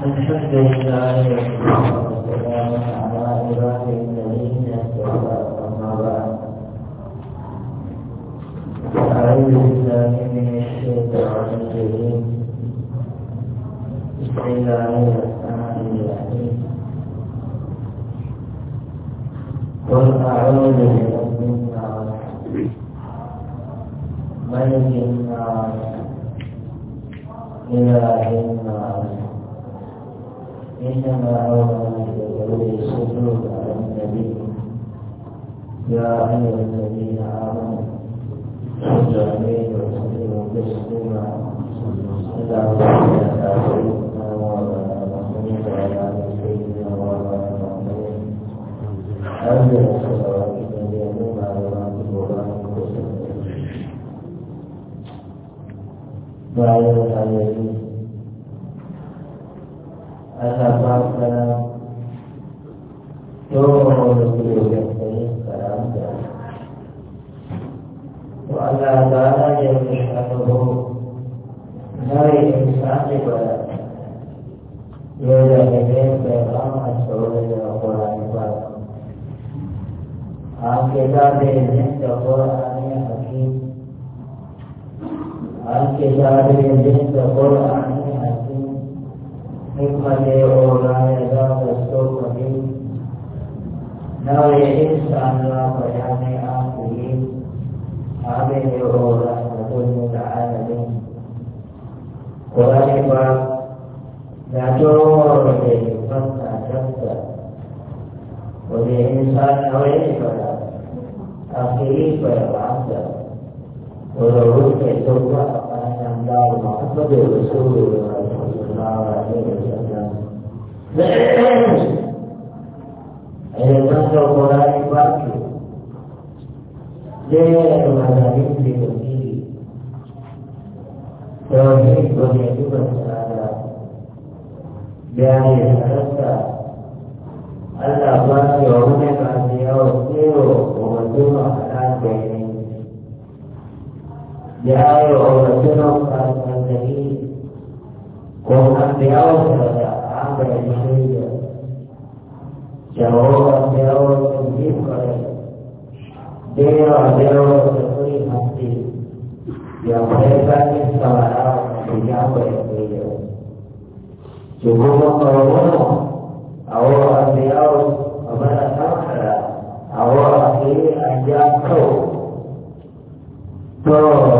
الحمد لله والصلاة والسلام على عباد الذين اصطفى أما أعوذ بالله من الشيطان الرجيم بسم الله الرحمن الرحيم قل أعوذ برب الناس ملك الناس إله الناس إنما أولى بذوي الصدور على النبي يا أيها الذين آمنوا صلوا عليه وسلموا تسليما اللهم صل على سيدنا وعلى محمد وعلى آل سيدنا وعلى آل محمد أنزل الصلوات النبي منها وراتب وبارك وسلم بعد الحياة अल्लाह कलाम जो कलाम तो अल्लाह လို့တဲ့တော့ကအာဏာတော်မှာအပ်တဲ့ဆိုးလို့လာတယ်ဆက်ကြ။ဒါအဲတော့ကိုယ်တိုင်ပါ့။ဒီလိုလာတယ် Bro.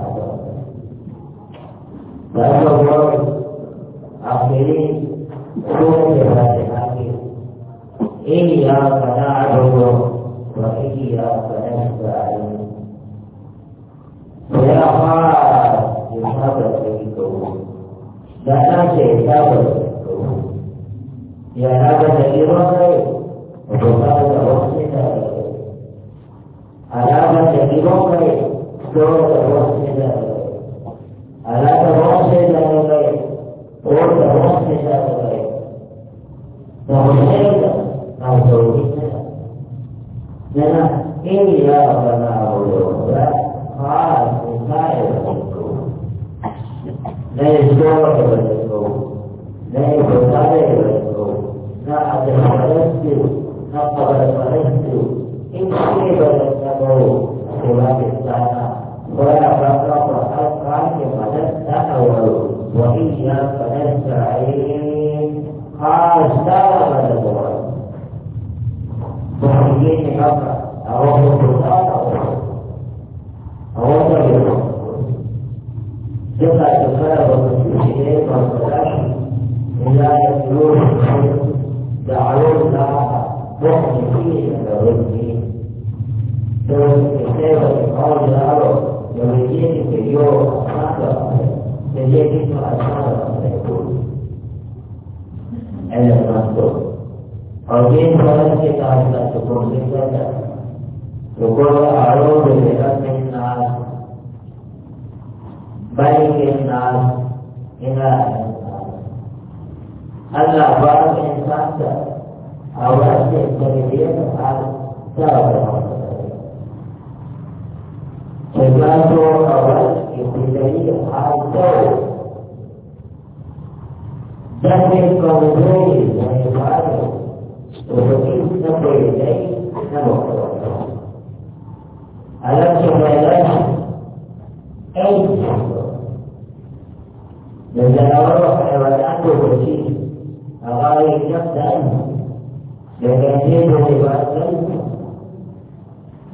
ဒါကြောင့်တော့အဖေကိုယ်ရဲ့ဘာသာကြီးအိယာကနာရောဝအိယာကနာစာအိဘယ်ဟာဒီဟာတဲ့ကိုဒါနာစေသာဘကိုယနာတဲ့ဒီရောတဲ့ဘောသာတဲ့ဝိညာဉ်အရာတဲ့ဒီရောတဲ့သောတဲ့ဝိညာဉ်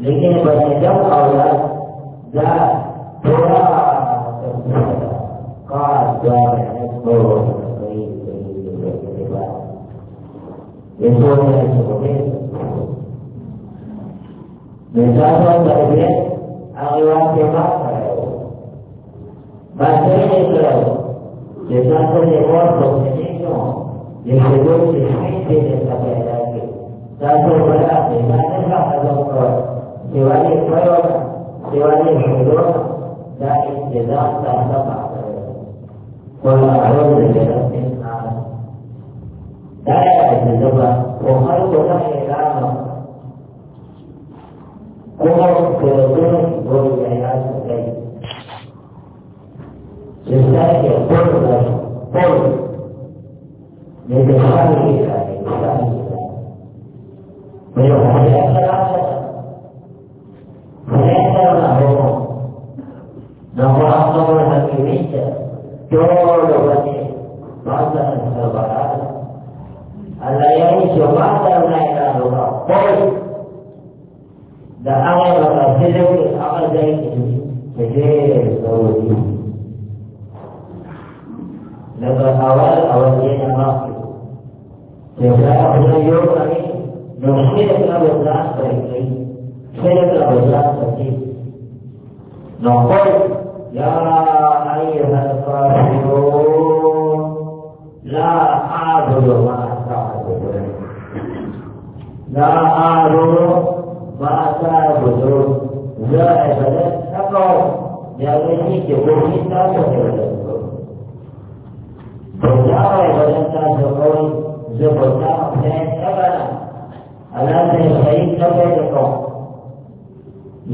लेकिन बने जब औरत या थोड़ा का द्वार है तो कई कई बाद ये सोने सोने मिजाज और करके अगला के बाद करो बस ये करो जैसा तो ये और सोचने क्यों ये लोगों से हाई देने का पैदा के तब तो बड़ा बेमाने का अनुभव دیوالی خیرو دیوالی خیرو دا جزا تاسو باندې ولا اعوذ برب الناس دا جزا او هر کومه اعلان کومه کومه ګوري اعلان کوي چې دا یو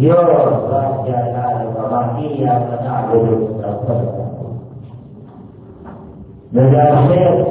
ယောရာဇာလာဘဝတိယပနာဘုရားသတ်တော်။ဒါကြောင့်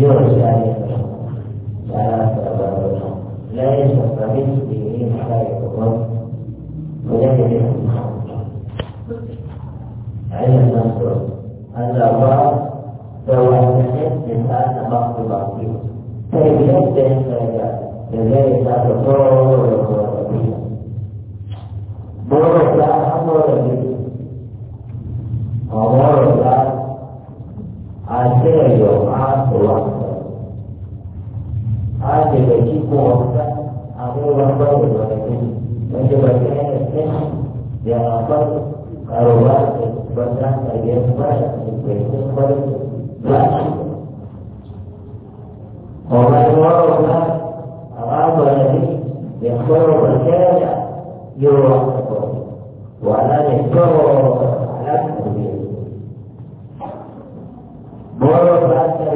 又是哪里？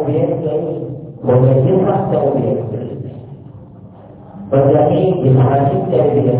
ubiyatkan memiliki fakta ubiyatkan. Berjami dihasilkan dengan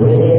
Amen.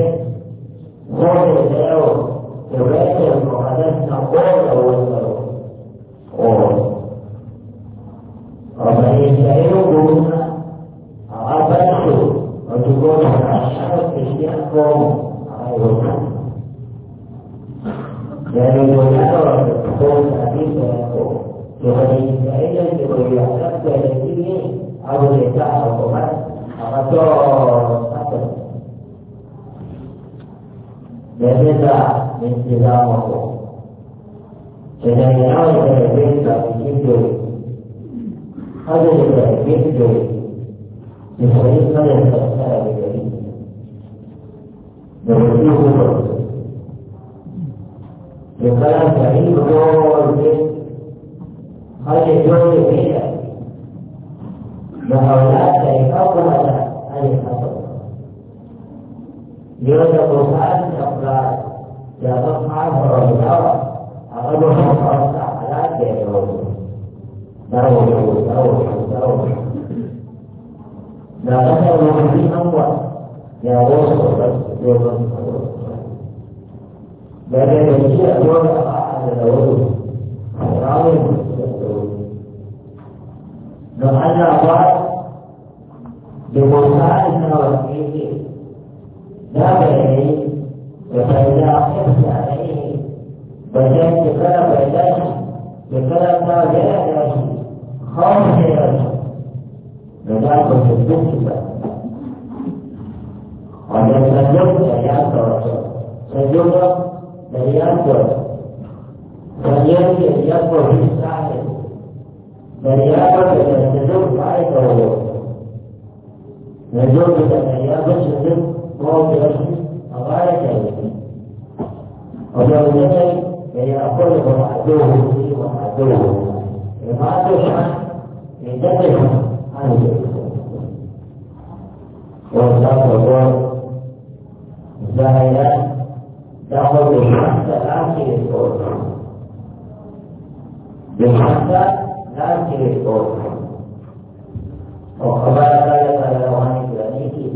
ولا يخافون أن يخافون يوجد قرآن أخبار يا مصحف وعلى يجاوز أن تزوج عليك وهو يجوز أن يجاوز الزوج وهو بنفسه أو على جانبه ومن ذلك يأكله عدوه لي وعدوه يبعث عنه يدافع عنه والله هو زايا تأخذ الحق العاقل الأول بالحق أكل الصوت وقضاء ذلك على روحان فلانيه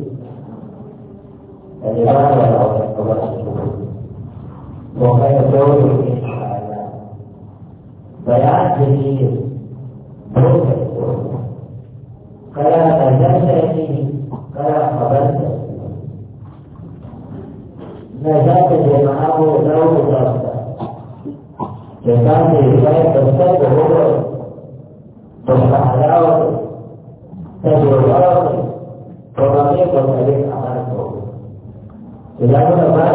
الذي لا حول له من دوره في بيان جميل دور الصوت كلا نجاة يمينه قبلت نجاة جمعه لو ضربت جمعه رواية هو بالحلاوة بالغرض ومن يقبل عليه عمله إذا كنا ما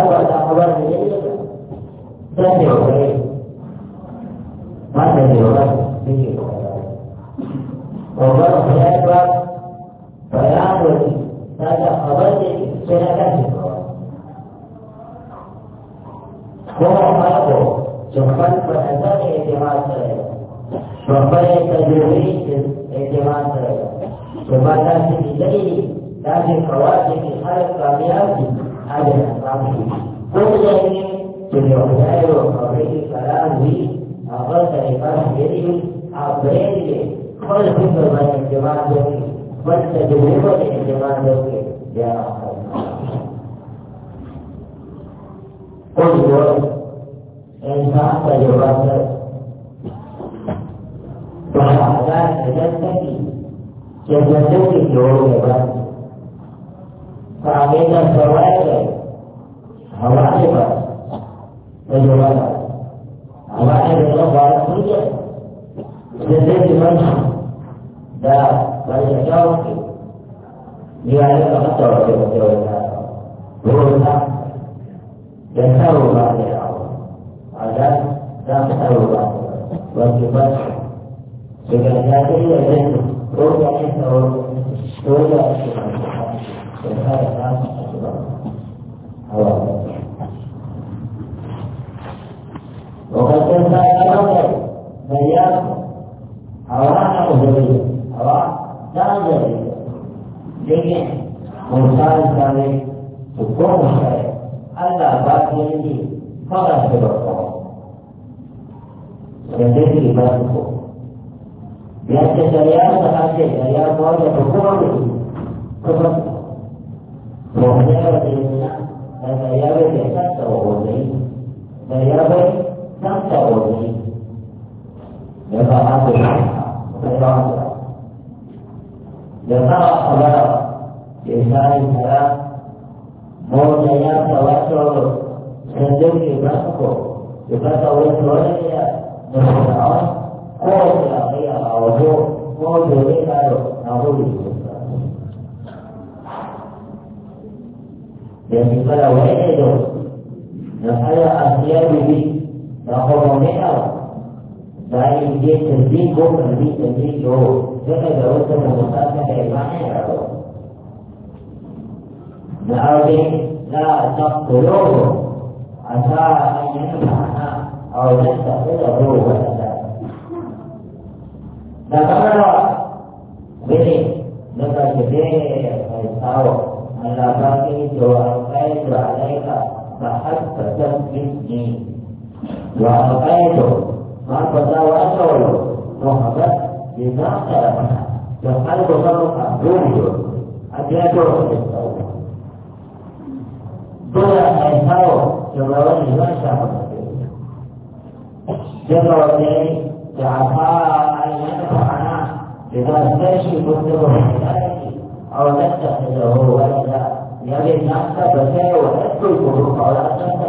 فهذا يغادر وهذا يجتمي يجتمي يغادر فعلينا الفوائد هوائبا ويغادر တာဘာဖြစ်နေဟောတာဆိုတော့ယနေ့ဒီမှာကိုရတဲ့တရားသဟာတဲ့တရားပေါ်တဲ့ဘုရားကိုဘုရားဘောရတဲ့နာတရားရဲ့သတ်တော်ကိုနေတရားရဲ့သတ်တော်ကိုနေဒါကအားကိုဒါကဒါကအလားဒီဆိုင်ကမောဇယသဝတ္တောစံတုတ်ဘတ်ကိုဒီဘတ်တော်ဝတ်တော်ရရမဟုတ်တော့ကိုယ်ကမေးရအောင်လို့ကိုယ်တို့လေးကတော့နောက်ဟုတ်ပြီယနေ့ကဝိနေတို့နဖရအစီယဘီဘာဟောမေအောင်ဒါရင်ဒီသတိကိုပြန်ပြီးသတိကိုဒါကတော့သမ္မာသတ်တဲ့ဘာနဲ့ရော لكن لا تقتلوه عسى أن ينفعنا أو يتخذه ولدا ذكر به لتكبير فيسعه أن بقيت وألقيت عليك فحسب تسجدني وألقيت فقد وأشعر وهبت بما خلقنا وقلب صدق أبوه أبيته ဒုရနိုင်သောကျွန်တော်တို့ရွှေရှာပါတယ်ကျွန်တော်တို့ဇာဖာအိုင်ဖာနာဒီကနေ့ရှိဘုရားအော်လက်ချက်တော်ဟောရတာရတဲ့နာသဘဆဲဝတ်ကိုကိုခေါ်လာတယ်။ဒါက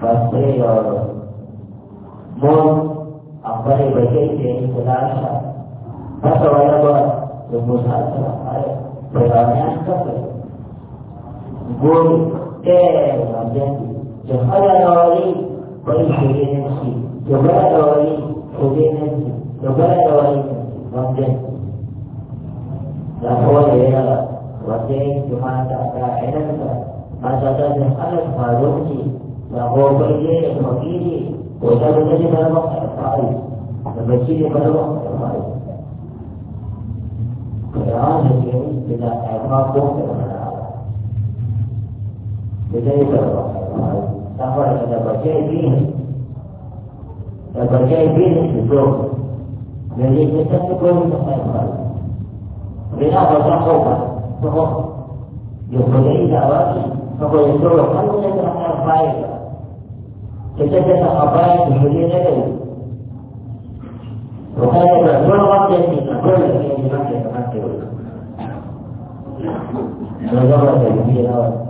ပတ်စေရောဘုံအပရိဘိတ်ကျေကုလားဘတ်တော်ရတော့ဘုရားသာသာ ورانا كفر قول كيف رجعت جهل روالي وإن حجي نفسي جهل روالي حجي نفسي جهل روالي رجعت لا هو ليلة رجعت جمعة أتاعدك ما تتجه ألف ما روحي لا هو بيجي وكيلي وجاء بجي بلوقت الفائز فبجي بلوقت الفائز Fir'aun ini tidak terpaku kepada Jadi itu, sampai kita baca ini, kita baca ini sebelum, jadi kita sebelum sampai Bila baca khobar, khobar, Yukulai dawati, khobar yusulu, kamu yang baik. Kita kita apa yang diberi lagi. Bukan yang berbuat yang tidak boleh yang no no no, que decir nada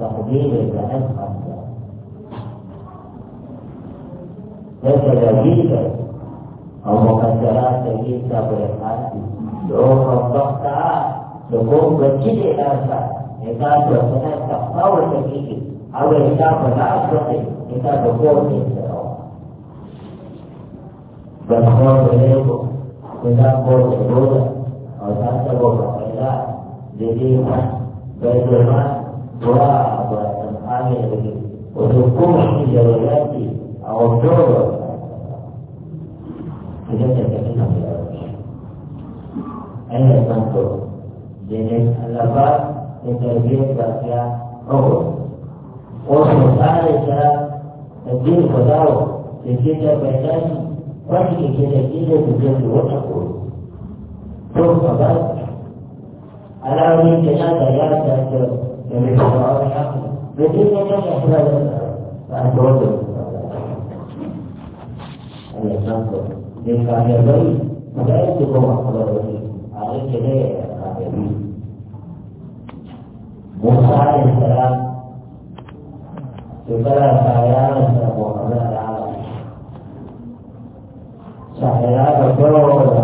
تقدير الجهاز أفضل هكذا جيدا أو مكسرات kita berarti doa fakta doa kecil rasa kita doa tak tahu sedikit awal kita berlaku kita doa kita berdoa berlaku kita berdoa Allah tak berdoa jadi berdoa التراب والأمعاء والركوع في جولات tidak jenis Orang kita bisa Tuh ini Jadi memang yang berada pada bodoh. Ada satu. Dia kaya bayi. Dia itu bawa keluar dari. Ada kini kaya bayi. Musa yang serang. Setelah saya yang serang Muhammad Allah. Saya berdoa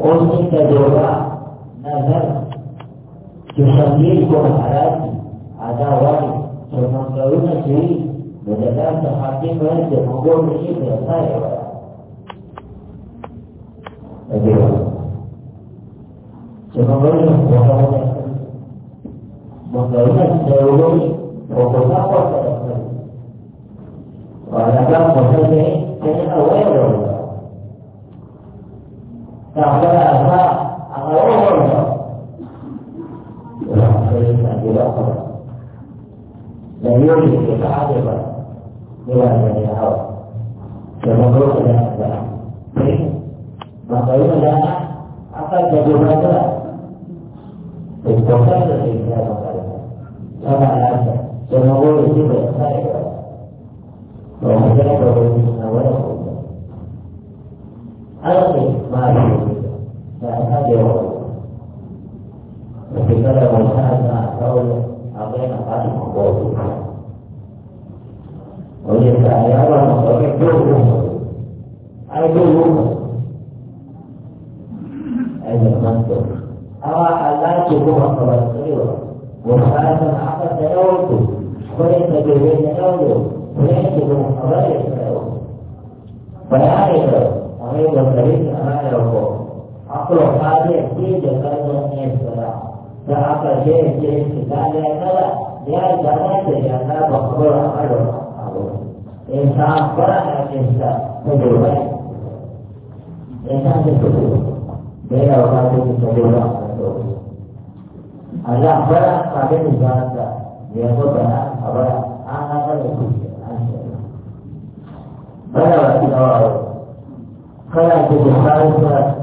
ومن تجربة نظر يسميكم حراتي على وعي فمنظرون فيه بدلات حاكم وانت مقول مشيك يا ولا ကျွန်တော်တို့ a segurança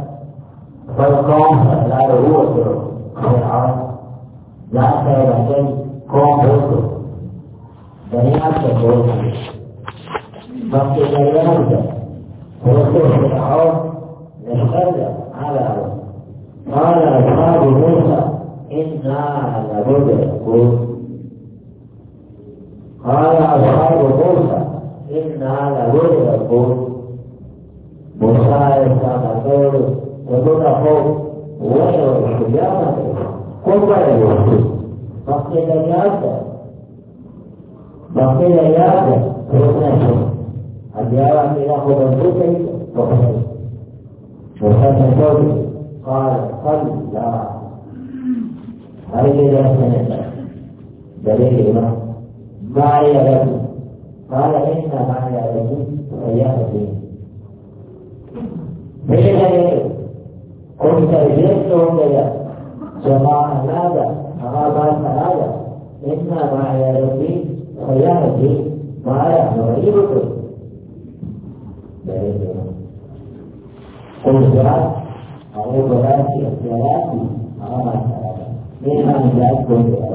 ما يلد قال إنما يلد فيهدي فإذا قلت جئتهم بلا جماعة هذا أرابات هذا إنما يلد فيهدي ما يعلمكم قل جاء أو جاء في اختياراتي أرابات هذا منها جاءت كل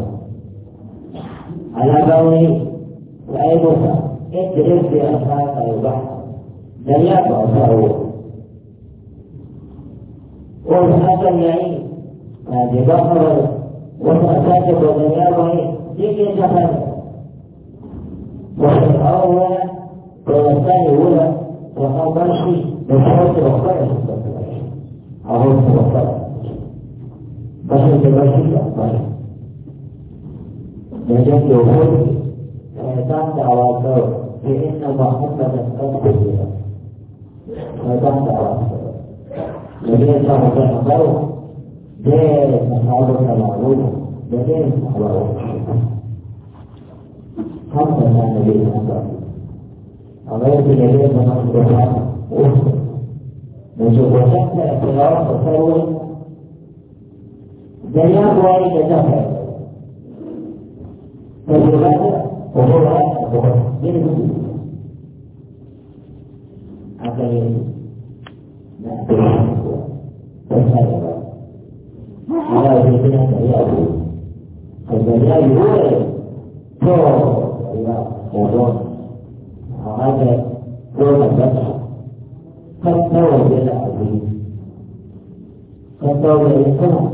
ပြအစားတော်ကမရပါဘူး။ဝတ်စားတယ်ရင်အဲဒီတော့ဝတ်စားတဲ့ပုံစံမျိုးကြီးကြီးကျယ်ကျယ်ဝတ်စားဝယ်ပုံစံမျိုးလားဘာသာရှိဘယ်လိုတော့ခက်တယ်အဟုတ်ပါပါဘာလို့ဒီလိုရှိတာပါလဲဒါကြောင့်ဒီဟုတ်အဲတန်တာဝါတော့ فإن محمدا قد كذب فدعت لديه صار بين الضوء ليه محاولة معروفة لديه محاولة حتى كان لديه أمر أمرت لديه محاولة وشكت اعتراف تصور جميع قوائد الدفع فبالغالب وهو ဘောဒီလိုအဲ့ဒါနာတယ်ဆက်ဆက်ပါဘာလို့ဒီလိုလဲရအောင်အဲ့ဒါရရတော့ဘောတော့အားရတော့တော့ဆက်တော့ရအောင်ဆက်တော့ရအောင်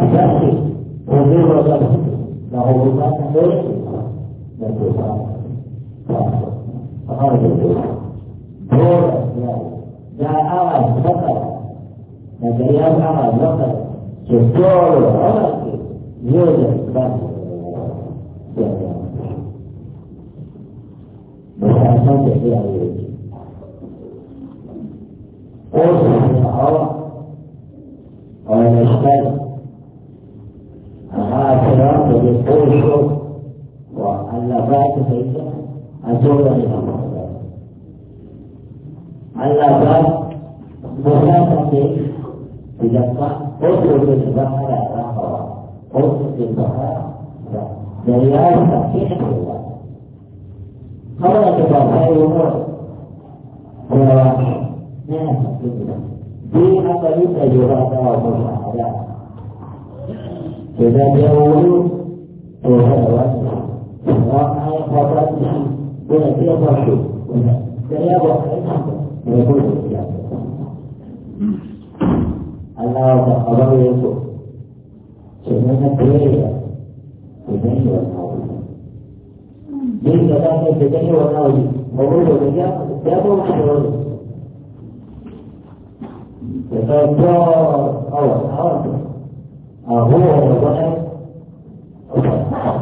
Jadi, untuk orang nah orang tak boleh, nanti tak. Faham? Faham itu. ဒီအပရိသေယောဂတော်ဘုရားဗျာဒီတရားဝိဘုရားဝါဘာအာဘာတိဘုရားတရားပါရှိတရားပါရှိဘုရားအလ္လာဟ်ကအဘယေကိုစေနနာပြေရဒီတိုင်းရောတော့ဒီကတော့ဒီတိုင်းရောတော့ဘုရားတရားတရားပေါ်မှာ يتجار أو الحرب هو وضعه أو الحرب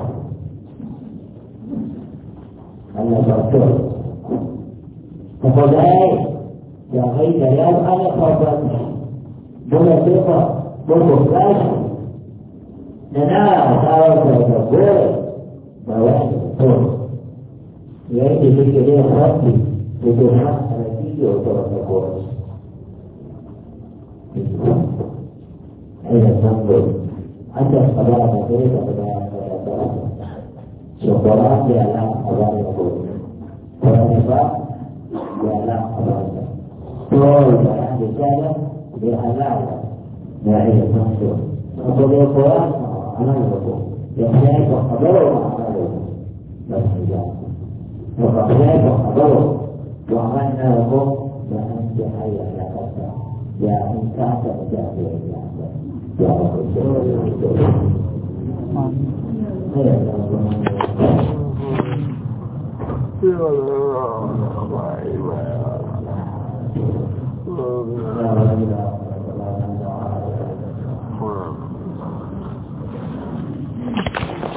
أنا مرتب فقداي يا غيث يا أنا فرضت دون ثقة دون فلاش لنا صارت تقول بواحد طول يأتي بك ليه ربي بدون حق نتيجة وترى تقول Aina sambung Ada saudara satu kepada saudara Saudara ialah orang yang bodoh Orang hebat ialah orang yang Betul, jangan bicara Dia halal Ya aina sambung Kalau dia kurang, anak bodoh Yang saya kok bodoh, anak bodoh Berhijab Maka saya kok bodoh Wa anna lakum Wa anti อย่าเป็นข้าแต่จะเรียนอย่างเดียวอย่าเป็นเชื่อเรื่องเดียวเพื่อเราเพื่อเราไปแล้วเพื่อเรา Thank you.